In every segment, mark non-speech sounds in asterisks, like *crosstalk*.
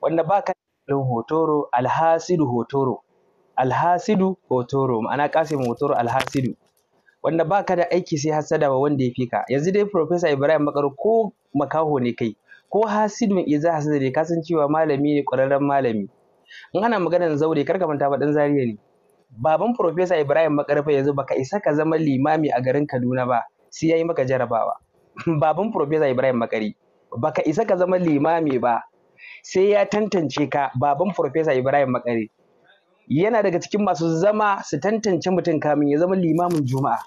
wanda ba ka hotoro alhasidu hotoro alhasidu hotoro ma'ana kasim hotoro alhasidu wanda ba ka da aiki sai hasada ba wanda ya fi ka yanzu dai professor ibrahim bakar ko makaho ne kai ko hasidun za hasada ne kasan cewa malami ne ƙwararren malami in ana maganar zaure kar ka manta ba dan zariya ne baban professor ibrahim bakar fa yanzu baka isa ka zama limami a garin kaduna ba sai yayi maka jarabawa *laughs* baban professor ibrahim makari baka isa ka zama limami ba sai ya tantance ka baban Profesa Ibrahim Makare yana daga cikin masu zama su tantance mutum kamin ya zama limamin juma'a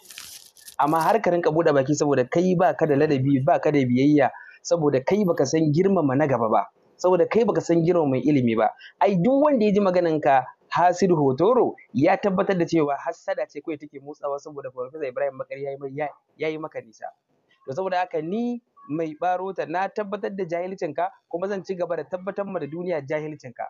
amma har ka rinka buɗe baki saboda kai ba ka da ladabi ba ka da biyayya saboda kai baka san girmama na gaba ba saboda kai baka san mai ilimi ba ai duk wanda ya ji maganan ka hasidu Hotoro ya tabbatar da cewa hassada ce kawai take motsawa saboda Profesa Ibrahim Makare ya yi maka nisa. To saboda haka ni mai ɓaro ta na tabbatar da jahilcin ka kuma zan ci gaba da tabbatar ma da duniya jahilcin ka.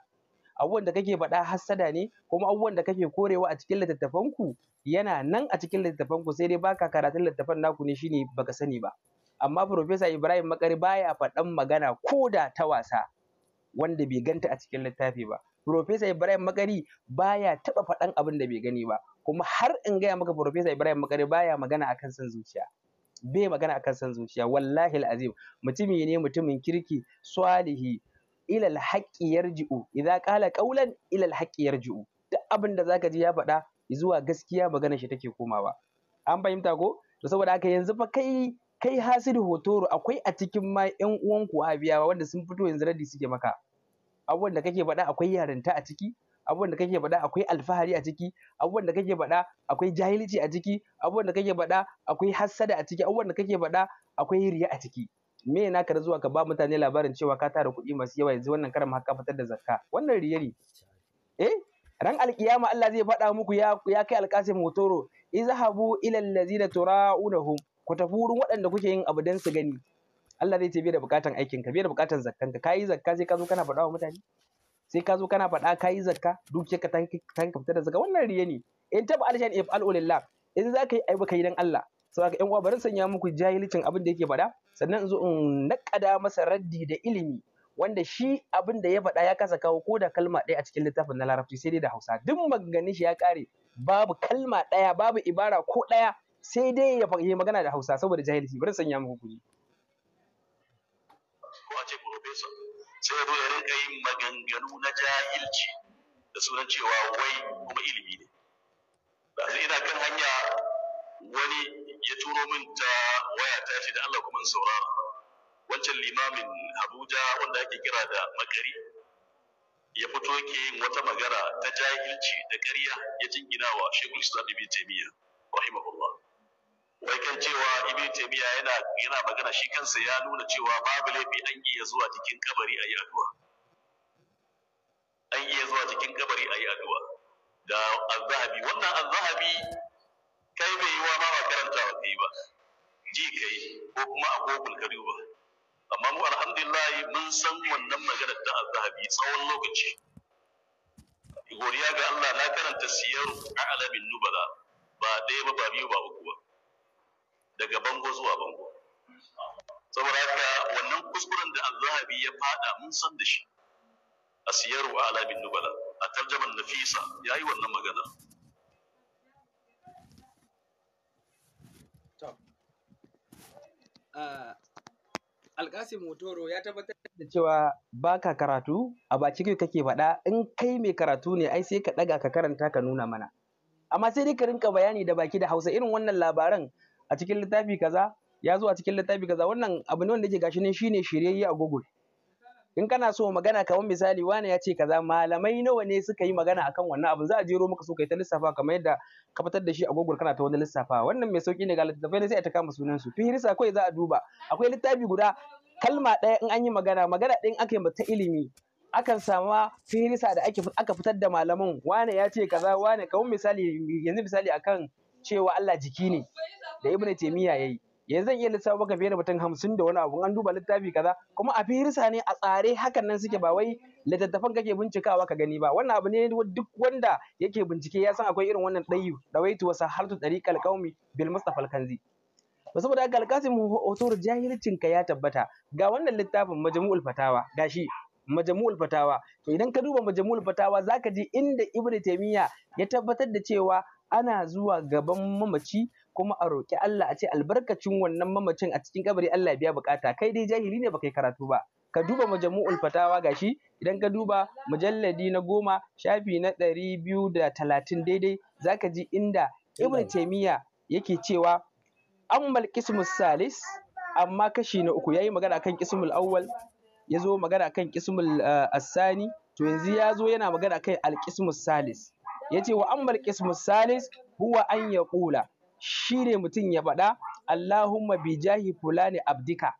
abubuwan da kake faɗa hassada ne kuma abubuwan da kake korewa a cikin littattafanku yana nan a cikin littattafanku sai dai baka karatun littattafan naku ne shine baka sani ba amma Profesa Ibrahim Makari baya faɗan magana ko da ta wasa wanda bai ganta a cikin littafi ba Profesa Ibrahim Makari baya taɓa faɗan abin da bai gani ba kuma har in gaya maka Profesa Ibrahim Makari baya magana akan son zuciya bai magana akan san zuciya wallahi azim mutumi ne mutumin kirki salihi ilal alhaqi yarji'u idza qala qawlan ilal alhaqi yarji'u duk abin da zaka ji ya faɗa zuwa gaskiya magana shi take komawa an fahimta ko to saboda haka yanzu fa kai kai hasidu hotoro akwai a cikin ma yan uwanku habiyawa wanda sun fito yanzu radi suke maka abubuwan da kake faɗa akwai yarinta a ciki abubuwan da kake faɗa akwai alfahari a ciki abubuwan da kake faɗa akwai jahilci a ciki abubuwan da kake faɗa akwai hassada a ciki abubuwan da kake faɗa akwai riya a ciki me na ka zuwa ka ba mutane labarin cewa ka tara kuɗi masu yawa yanzu wannan karam haka fitar da zakka wannan riya ne eh ran alkiyama Allah zai faɗa muku ya ya kai alkasim motoro izhabu ila allazina tura'unahum ku tafi wurin waɗanda kuke yin abu don su gani Allah zai ce bai da bukatan aikin ka bai da bukatan zakkan ka yi zakka sai ka zo kana faɗa wa mutane sai ka zo kana faɗa ka yi zakka duk ka ta ka fita da zakka wannan riya ne in taba alshan if al ulillah in za ka yi aiba kai dan Allah saboda yan uwa bari sanya muku jahilcin abin da yake faɗa sannan in zo in naƙada masa raddi da ilimi wanda shi abin da ya faɗa ya kasa kawo ko da kalma ɗaya a cikin littafin na larabci sai dai da hausa duk maganganun shi ya kare, babu kalma ɗaya babu ibara ko ɗaya sai dai ya magana da hausa saboda jahilci bari sanya muku kuji ce professor sai ya zo ya rinka yin maganganu na jahilci da sunan cewa wai kuma ilimi ne ba ina kan hanya wani ya turo min ta waya ta ce da Allah kuma saurara wancan limamin Abuja wanda ake kira da makari ya fito yake yin wata magana ta jahilci da ƙarya ya wa Sheikhul Islam Ibn Taymiyyah bakin cewa ibn taymiya yana yana magana shi kansa ya nuna cewa babu laifi an iya zuwa cikin kabari ayi addu'a an iya zuwa cikin kabari ayi addu'a da azhabi wannan azhabi kai bai yi wa ma ba karantawa kai ba ji kai ko kuma a google ka duba amma mu alhamdulillah mun san wannan magana ta azhabi tsawon lokaci godiya ga Allah na karanta siyar a alamin nubala ba ɗaya ba ba biyu ba uku ba daga bango zuwa bango saboda haka wannan kuskuren da al-zahabi ya fada mun san da shi asiyaru ala bin nubala a tarjaman nafisa ya yi wannan magana eh, Alƙasim Motoro ya tabbatar da cewa ba ka karatu a baki kai kake faɗa in kai mai karatu ne ai sai ka ɗaga ka karanta ka nuna mana. Amma sai dai ka rinka bayani da baki da Hausa irin wannan labaran a cikin littafi kaza ya zo a cikin littafi kaza wannan abu ne wanda yake gashi ne shine shiryayye a Google in kana so magana kamar misali wani ya ce kaza malamai nawa ne suka yi magana akan wannan abu? za a jero maka so kai ta lissafa kamar yadda ka fitar da shi a Google kana ta wani lissafa wannan mai sauki ne ga littattafai ne sai a ta kama sunan su fihirsa kawai za a duba akwai littafi guda kalma ɗaya in an yi magana magana ɗin aka yi ta ilimi akan sama fihirsa da ake aka fitar da malamin. wane ya ce kaza wane kamar misali yanzu misali akan cewa Allah jiki ne da Ibn ya yayi yanzu zan iya lissafa maka fiye da mutum hamsin da wani abu an duba littafi kaza kuma a firisa ne a tsare hakan nan suke ba wai littattafan kake bincikawa ka gani ba wannan abu ne duk wanda yake bincike ya san akwai irin wannan dayu dawaitu wasa hartu tariqal qaumi bil mustafa kanzi ba saboda haka alkasim hotor jahilcin ka ya tabbata ga wannan littafin majmu'ul fatawa gashi majmu'ul fatawa to idan ka duba majmu'ul fatawa zaka ji inda ibnu taymiya ya tabbatar da cewa ana zuwa gaban mamaci kuma a roƙi Allah a ce albarkacin wannan mamacin a cikin kabari Allah ya biya bukata kai dai jahili ne baka yi karatu ba ka duba majamu'ul fatawa gashi idan ka duba mujalladi na goma shafi na ɗari biyu da talatin daidai zaka ji inda ibn taimiyya yake cewa ammal qismus salis amma kashi na uku yayi magana kan qismul awwal ya zo magana kan qismul eh, asani to yanzu ya zo yana magana kan qismus salis yace wa ammal qismu salis huwa an yaqula shine mutum ya faɗa Allahumma bi jahi fulani abdika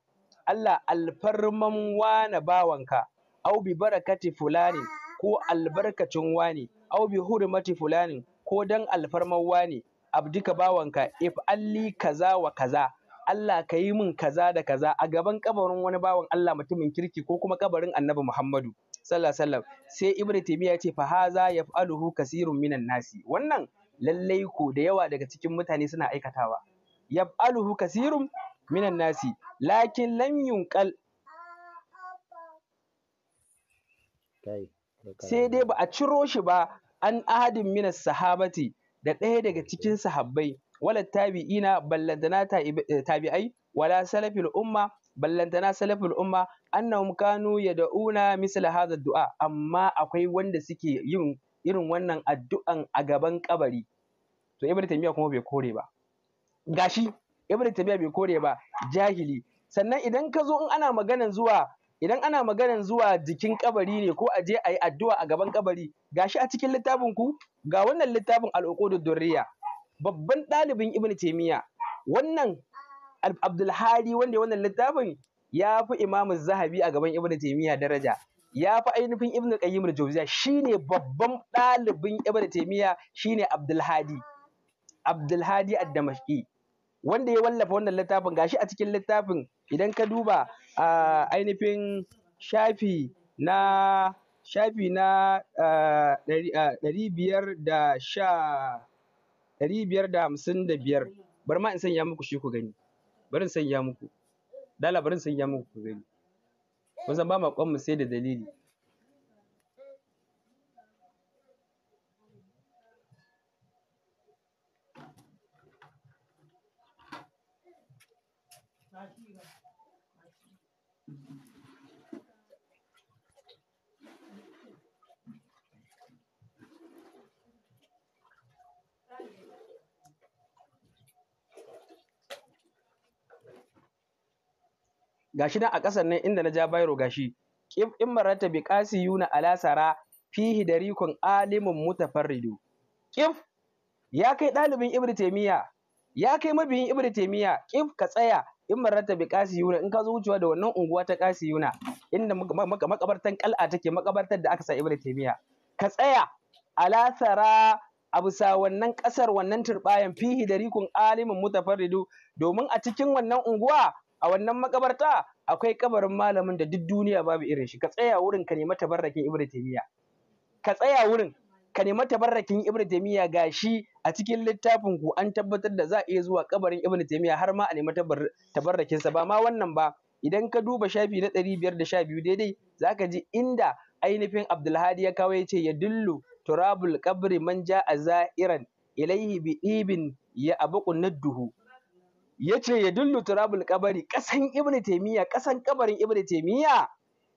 Allah alfarman wana bawanka au bi barakati fulani ko albarkacin wani au bi hurmati fulani ko dan alfarman wani abdika bawanka if alli kaza wa kaza Allah ka yi min kaza da kaza a gaban kabarin wani bawan Allah mutumin kirki ko kuma kabarin Annabi Muhammadu sallallahu alaihi sai ibnu taymiya ce fa haza yaf'aluhu kasirun minan nasi wannan lallai ko da yawa daga cikin mutane suna aikatawa yaf'aluhu kasirun minan nasi lakin lam yunqal sai dai ba a ciro shi ba an ahadin minas sahabati da ɗaya daga cikin sahabbai wala tabi'ina ballantana eh, tabi'ai wala salafil umma ballantana salaful umma annahum kanu yad'una misl hadha du'a amma akwai wanda suke yin irin wannan addu'an a gaban kabari to ibnu taymiya kuma bai kore ba gashi ibnu taymiya bai kore ba jahili sannan idan ka zo in ana maganan zuwa idan ana maganan zuwa jikin kabari ne ko a je a yi addu'a a gaban kabari gashi a cikin littafin ku ga wannan littafin al'uqudud durriya babban ɗalibin ibnu taymiya wannan Abdulhadi wanda ya wannan littafin ya fi Imam Zahabi a gaban Ibn Taymiyyah daraja ya fi ainihin Ibn Qayyim al-Jawziyya shine babban ɗalibin Ibn Taymiyyah shine Abdulhadi Abdulhadi ad-Damashqi wanda ya wallafa wannan littafin gashi a cikin littafin idan ka duba a ainihin shafi na shafi na ɗari biyar da sha ɗari biyar da hamsin da biyar ma in sanya muku shi ku gani bari in sanya muku dala bari sanya muku ku gani kun san ba ma mu sai da dalili gashi nan a ƙasar nan inda na ja bairo gashi in marata bi yuna ala sara fihi darikun alimun mutafarridu kif ya kai dalibin ibnu taymiya ya kai mabiyin ibnu taymiya kif ka tsaya in marata bi Yuna in ka zo wucewa da wannan unguwa ta Yuna inda makabartan qal'a take makabartar da aka sa ibnu taymiya ka tsaya ala sara a bisa wannan ƙasar wannan turbayan fihi da rikun alimin mutafarridu domin a cikin wannan unguwa a wannan makabarta akwai kabarin malamin da duk duniya babu irin shi ka tsaya wurin ka nemi tabarrakin ibnu taymiya ka tsaya wurin ka nemi tabarrakin ibnu taymiya gashi a cikin littafin ku an tabbatar da za a iya zuwa kabarin ibnu taymiya har ma a nemi tabarrakin sa ba ma wannan ba idan ka duba shafi na 512 daidai zaka ji inda ainihin Abdulhadi ya kawo yace ya dillu turabul qabri manja ja'a za'iran ilaihi bi ibin ya abuqun nadduhu Ya yadullu turabul qabari kasan ibnu taymiya kasan kabarin ibnu taymiya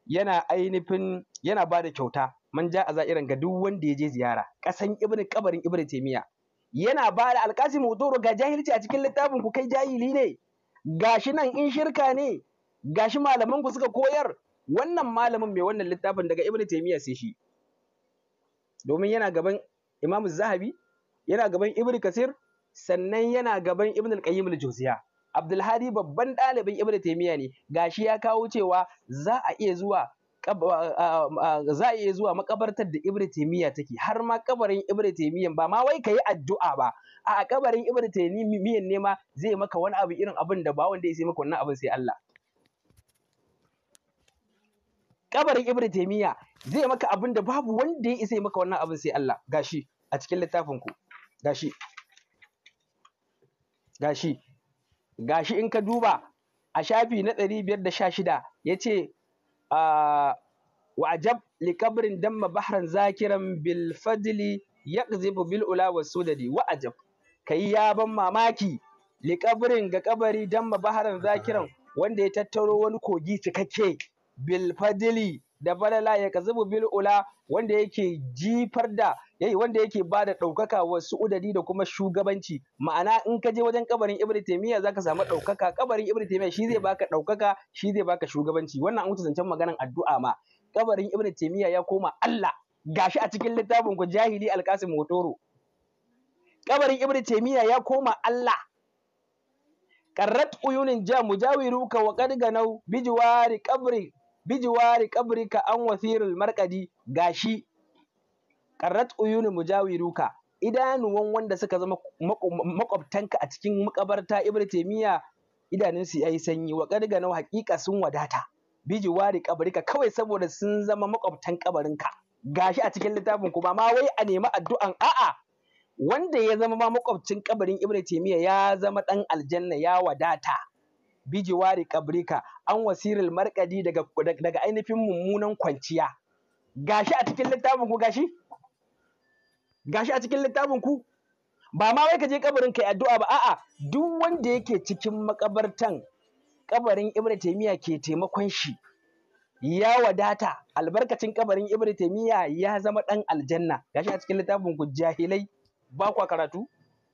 yana ainifin yana bada kyauta man ja a za'iran ga duk wanda ya je ziyara kasan ibnu kabarin ibnu taymiya yana bada alqasim wuduru ga jahilci a cikin littafin ku kai jahili ne gashi nan in shirka ne gashi malaman ku suka koyar wannan malamin mai wannan littafin daga ibnu taymiya sai shi domin yana gaban imamu zahabi yana gaban ibnu kasir sannan yana gaban Ibn al-Qayyim al-Jawziya Abdulhadi babban ɗalibin Ibn Taymiyyah ne gashi ya kawo cewa za a iya zuwa za a iya zuwa makabartar da Ibn Taymiyyah take har ma kabarin Ibn Taymiyyah ba ma wai kai addu'a ba a kabarin Ibn Taymiyyah ne ma zai maka wani abu irin abin da ba wanda ya sai maka wannan abin sai Allah kabarin Ibn Taymiyyah zai maka abin da babu wanda ya isa maka wannan abin sai Allah gashi a cikin littafin ku gashi gashi gashi in ka duba a shafi na ɗari biyar da sha shida ya ce ah, wa ajab li damma bahran zakiran bil fadli yaqzibu bil ula wa sudadi wa ajab kai ya ban mamaki li ga kabari damma bahran zakiran *laughs* wanda ya tattaro wani kogi cikakke bil fadli da balala ya kazubu bil ula wanda yake jifar da yayi wanda yake ba da ɗaukaka wasu udadi da kuma shugabanci ma'ana in ka je wajen kabarin ibn taymiya zaka samu ɗaukaka kabarin ibn taymiya shi zai baka ɗaukaka shi zai baka shugabanci wannan an wuce zancen maganan addu'a ma kabarin ibn taymiya ya koma Allah gashi a cikin littafin ku jahili alkasim hotoro kabarin ibn taymiya ya koma Allah karrat uyunin ja mujawiruka wa qad ganau bijwari kabri bijiwari ka an wasirul markadi gashi qarrat uyunu mujawiruka idanuwan wanda suka zama makwabtanka a cikin makabarta ibnu taymiya idanunsu yayi sanyi wa qad na haqiqa sun wadata bijiwari qabrika kawai saboda sun zama makwabtan kabarinka gashi a cikin littafin kuma ma wai a nemi addu'an a'a wanda ya zama ma makwabcin kabarin ibnu taymiya ya zama dan aljanna ya wadata bijiwari kabrika an wasiril markadi daga daga ainihin mummunan kwanciya gashi a cikin littafin ku gashi gashi a cikin littafin ku ba ma wai ka je kabarin kai addu'a ba a'a duk wanda yake cikin makabartan kabarin Ibn Taymiyyah ke taimakon shi ya wadata albarkacin kabarin Ibn ya zama dan aljanna gashi a cikin littafin ku jahilai ba ku karatu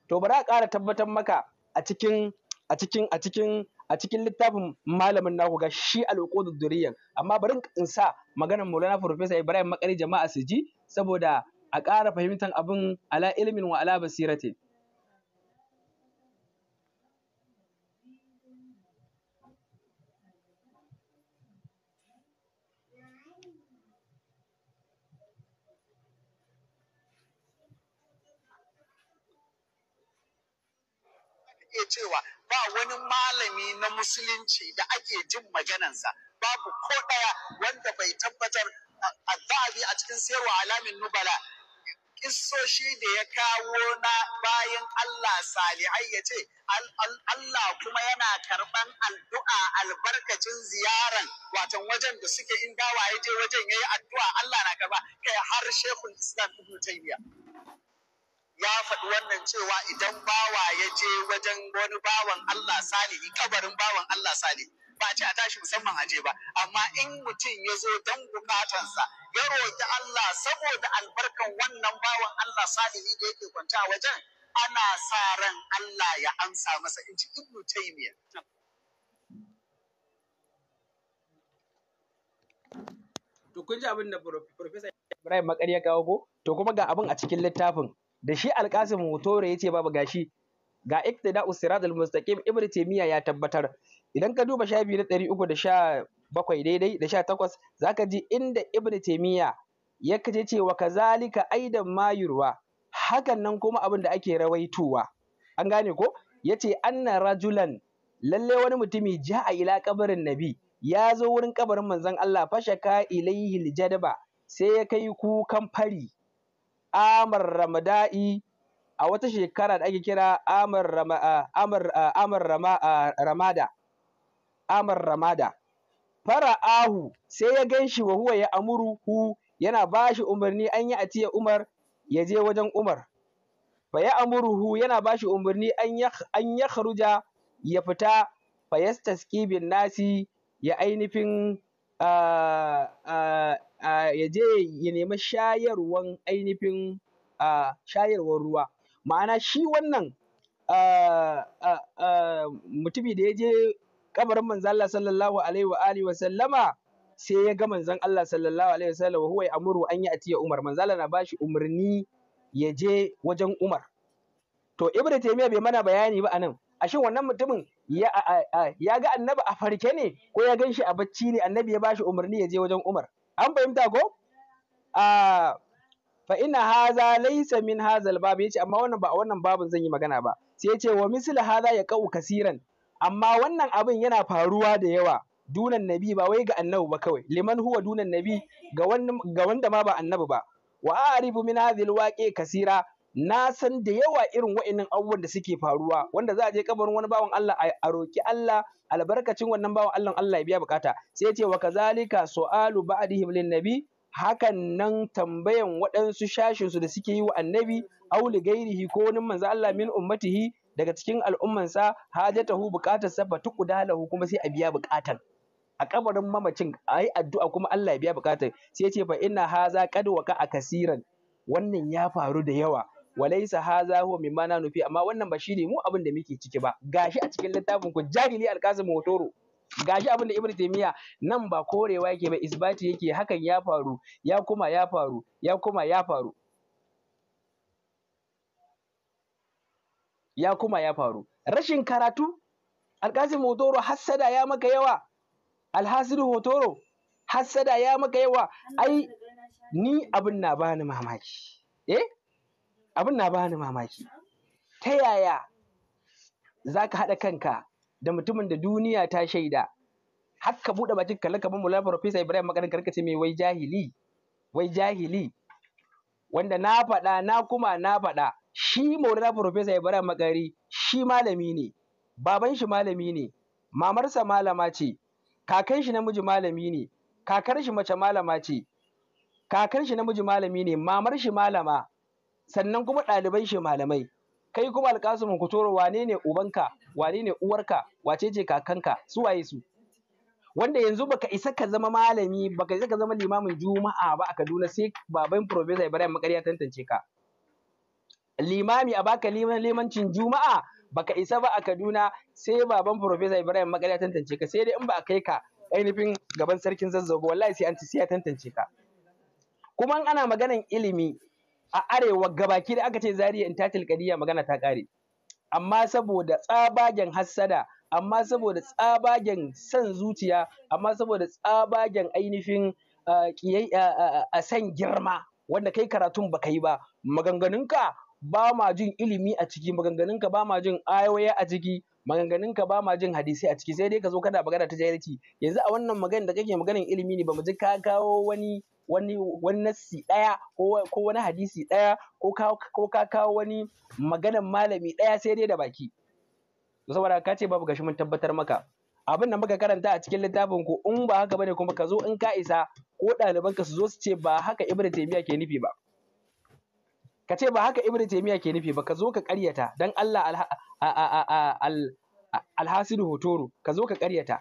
to bari a ƙara tabbatar maka a cikin a cikin a cikin a cikin littafin malamin naku ga shi da duriyan amma bari in sa maganar Maulana Profesa Ibrahim Makari jama'a su ji saboda a ƙara fahimtar abin ala ilmin wa ala basiratin iya cewa ba wani malami na musulunci da ake jin maganansa babu ko ɗaya wanda bai tabbatar azabi a cikin sayarwa alamin nubala kissoshi da ya kawo na bayan Allah salihai ya ce Allah kuma yana karɓan addu'a albarkacin ziyaran watan wajen da suke in gawa ya je wajen ya yi addu'a Allah na karɓa kai har shekul islam ibn taymiya ya faɗi wannan cewa idan bawa ya je wajen wani bawan Allah salihi kabarin bawan Allah salihi ba ce a tashi musamman aje ba amma in mutum ya zo don bukatansa ya roƙi Allah saboda albarkan wannan bawan Allah salihi da yake kwanta wajen ana sa ran Allah ya amsa masa in ji ibnu taymiya to kun ji abin da professor Ibrahim Makari ya kawo ko to kuma ga abin a cikin littafin da shi alkasim hotore yace babu gashi ga iktida usiratul mustaqim ibn taymiya ya tabbatar idan ka duba shafi na 317 daidai da sha 18 zaka ji inda ibn taymiya ya kace cewa kazalika aidan mayurwa hakan nan kuma abin da ake rawaituwa an gane ko yace anna rajulan lalle wani mutumi a ila kabarin nabi ya zo wurin kabarin manzon Allah fashaka ilaihi jadaba sai ya kai kukan fari amar ramada'i a wata shekara da ake kira amar ramada amar ramada fara'ahu sai ya gan shi wa huwa ya amuru hu yana bashi umarni an yi atiya umar ya je wajen umar fa ya hu yana bashi shi umarni an ya kharuja ya fita fa yastaski bin nasi ya ainifin ya je ya nemi shayarwan ainihin shayarwar ruwa ma'ana shi wannan mutumi da ya je kabarin manzan Allah sallallahu alaihi wa alihi wa sallama sai ya ga manzan Allah sallallahu alaihi wa sallama huwa ya amuru an yi atiya Umar manzan Allah na bashi umarni ya je wajen Umar to Ibn Taymiyyah bai mana bayani ba anan ashe wannan mutumin ya ga annabi a farke ne ko ya gan shi a bacci ne annabi ya bashi umarni ya je wajen umar an fahimta ko a fa ina haza laysa min hazal babu yace amma wannan ba wannan babun zan yi magana ba sai yace wa misl haza ya qau kasiran amma wannan abin yana faruwa da yawa dunan nabi ba wai ga annabi ba kawai liman huwa dunan nabi ga wanda ma ba annabi ba wa a'rifu min hadhihi alwaqi kasira na san da yawa irin wa'annan abubuwan da suke faruwa wanda za a je kabarin wani bawan Allah a roki Allah albarkacin wannan bawan Allah Allah ya biya bukata sai ya ce wa kazalika su'alu ba'dihim lin nabi hakan nan tambayan waɗansu shashin su da suke yi wa annabi Auli, gairihi ko wani manzo Allah min ummatihi daga cikin al'ummansa hajatahu bukatar sa fatuqdalahu kuma sai a biya bukatan a kabarin mamacin a yi addu'a kuma Allah ya biya bukatar sai ya ce fa inna haza kadwaka waka akasiran wannan ya faru da yawa walaisa haza huwa min na nufi amma wannan ba shine mu abin da muke ciki ba gashi a cikin littafin ku jahili alkasim hotoro gashi abin da ibnu taymiya nan ba korewa yake ba isbati yake hakan ya faru ya kuma ya faru ya kuma ya faru ya kuma ya faru rashin karatu alkasim hotoro hassada ya maka yawa alhasidu hotoro hassada ya maka yawa ai ni abin na bani mamaki eh abin na bani mamaki ta yaya za ka haɗa kanka da mutumin da duniya ta shaida har ka buɗe bakin kalli kamar mulan professor ibrahim makarin karka ce mai wai jahili wai jahili wanda na faɗa na kuma na faɗa shi maulana professor ibrahim makari shi malami ne baban shi malami ne mamarsa malama ce kakan shi namiji malami ne kakar shi mace malama ce kakar shi namiji malami ne mamar shi malama sannan kuma ɗaliban shi malamai kai kuma ku toro wane ne ubanka wane ne uwarka wace ce kakanka su waye su wanda yanzu baka isa ka zama malami baka isa ka zama limamin juma'a ba a Kaduna sai baban professor Ibrahim Makariya tantance ka limami a baka limancin juma'a baka isa ba a Kaduna sai baban professor Ibrahim Makariya tantance ka sai dai in ba a kai ka ainihin gaban sarkin zazzago wallahi sai an ci sai ya tantance ka kuma ana maganan ilimi a arewa gabaki da aka ce zariya in tatil kadiya magana ta kare amma saboda tsabagen hassada amma saboda tsabagen san zuciya amma saboda tsabagen ainihin a san girma wanda kai karatun baka yi ba maganganunka ba ma jin ilimi a ciki maganganunka ba ma jin ayoyi a ciki maganganunka ba ma jin hadisi a ciki sai dai ka zo kana magana ta jahilci yanzu a wannan magana da kake maganin ilimi ne ba mu ji ka kawo wani wani wani nassi ɗaya ko wani hadisi ɗaya ko ka kawo wani maganan malami ɗaya sai dai da baki saboda ka ce babu gashi mun tabbatar maka abin da muka karanta a cikin littafin ku in ba haka bane kuma ka zo in ka isa ko ɗaliban ka su zo su ce ba haka ibnu taymiya ke nufi ba ka ce ba haka ibnu taymiya ke nufi ba ka zo ka ƙaryata dan Allah alhasidu hotoro ka zo ka karyata.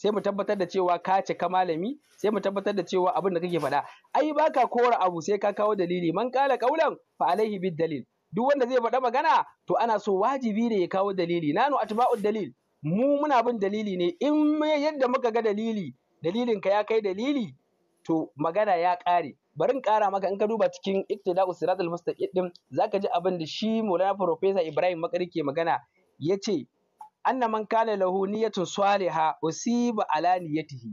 sai mu tabbatar da cewa ka ka malami sai mu tabbatar da cewa abin da kake faɗa ai baka kora abu sai ka kawo dalili man kala kaulan fa alaihi bid dalil duk wanda zai faɗa magana to ana so wajibi ne ya kawo dalili nanu atba'u dalil mu muna bin dalili ne in yadda muka ga dalili dalilin ka ya kai dalili to magana ya ƙare bari in ƙara maka in ka duba cikin iktida'u siratul mustaqim zaka ji abin da shi Maulana Professor Ibrahim Makari ke magana yace anna man kana lahu niyyatun saliha usiba ala niyatihi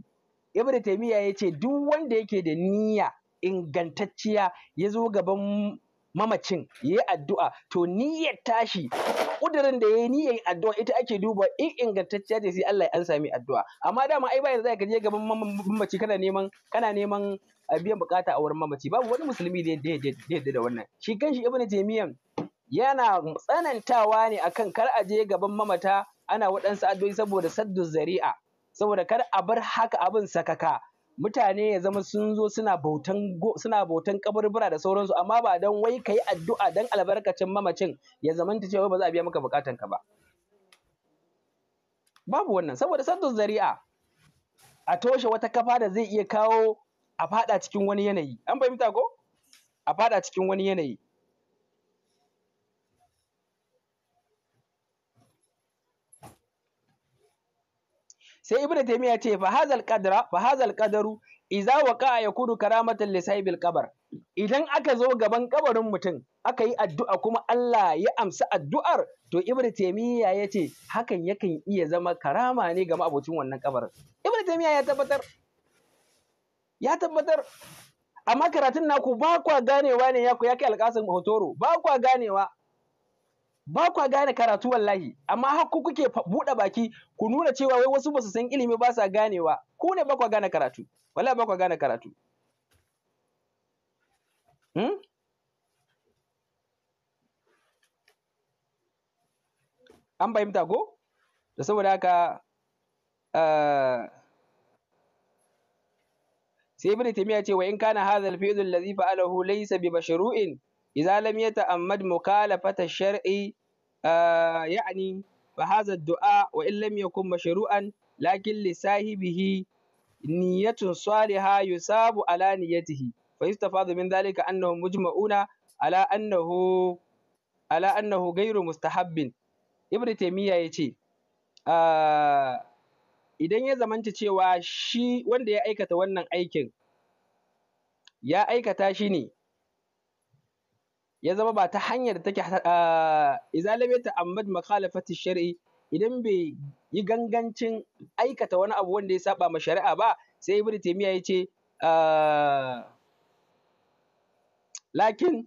ibnu taymiya yace duk wanda yake da niyya ingantacciya ya zo gaban mamacin yayi addu'a to niyyar tashi Kudurin da yayi niyyar addu'a ita ake duba in ingantacciya ce sai Allah ya ansa mai addu'a amma dama ai bayan zai kaje gaban mamaci kana neman kana neman biyan bukata a wurin mamaci babu wani musulmi da yadda da wannan shi kanshi ibnu taymiya yana tsanantawa ne akan kar a je gaban mamata ana waɗansu addu'o'i saboda saddu zari'a saboda kar a bar haka abin sakaka mutane ya zama sun zo suna bautan suna bautan kaburbura da sauransu amma ba don wai ka yi addu'a don albarkacin mamacin ya zamanta cewa ba za a biya maka bukatan ka ba babu wannan saboda saddu zari'a a toshe wata kafa da zai iya kawo a fada cikin wani yanayi an fahimta ko a fada cikin wani yanayi sai ibnu taymiya ce fa hazal qadra fa hazal qadaru idza waqa yakunu karamatan li sahibil qabr idan aka zo gaban kabarin mutum aka yi addu'a kuma Allah ya amsa addu'ar to ibnu taymiya yace hakan yakan iya zama karama ne ga abocin wannan kabarin ibnu taymiya ya tabbatar ya tabbatar amma karatun naku ba kwa ganewa ne ya ku kai alƙasin hotoro ba kwa ganewa ba kwa gane karatu wallahi amma har ku kuke buɗe baki ku nuna cewa wai wasu ba su san ilimi ba sa ganewa ku ne ba kwa gane karatu wallahi ba kwa gane karatu hmm? an fahimta ko da saboda haka eh, sai ibnu taymiya ce wa in kana hadha al-fi'l alladhi fa'alahu laysa bi mashru'in إذا لم يتأمد مخالفة الشرع يعني فهذا الدعاء وإن لم يكن مشروعا لكن لصاحبه نية صالحة يصاب على نيته فيستفاد من ذلك أنهم مجمعون على أنه على أنه غير مستحب ابن تيمية يتي idan ya zamanta cewa shi wanda ya aikata wannan aikin ya aikata shi ne ya zama ba ta hanyar da take izalameta ammad makhalafati shari'i idan bai yi gangancin aikata wani abu wanda ya saba ma shari'a ba sai ibnu taymiya ya ce lakin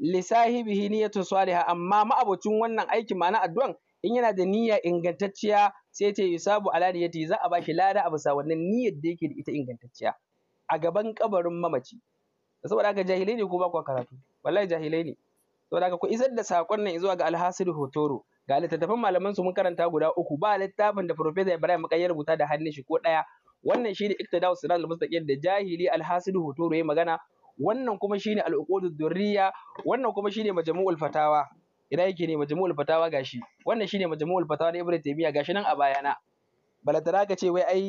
lisahibihi niyyatun salihah amma ma'abocin wannan aikin ma'ana addu'an in yana da niyya ingantacciya sai ce yusabu ala niyyati za a ba shi lada a bisa wannan niyyar da yake da ita ingantacciya a gaban kabarin mamaci saboda haka jahilai ne ko ba karatu wallahi jahilai ne saboda haka ku isar da sakon nan zuwa ga alhasiru hotoro ga littattafan malaman su mun karanta guda uku ba littafin da professor Ibrahim Mukai ya rubuta da hannun shi ko daya wannan shine iktidau sirat mustaqil da jahili alhasidu hotoro ya magana wannan kuma shine al-uqudud durriya wannan kuma shine majmu'ul fatawa ina yake ne majmu'ul fatawa gashi wannan shine majmu'ul fatawa da Ibn Taymiyyah gashi nan a bayana balatara ka ce wai ai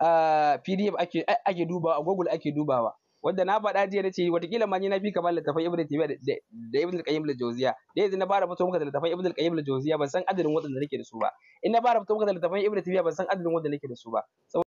ah, PDF ake ake dubawa a Google ake dubawa wanda na faɗa jiya na ce, watakila ma ni na fi kamar littafan ibnu taymiya da ibnu qayyim al-jawziya da yanzu na fara fito maka da littafan ibnu qayyim al-jawziya ban san adadin wanda nake da su ba in na fara fito maka da littafan ibnu taymiya ban san adadin wanda nake da su ba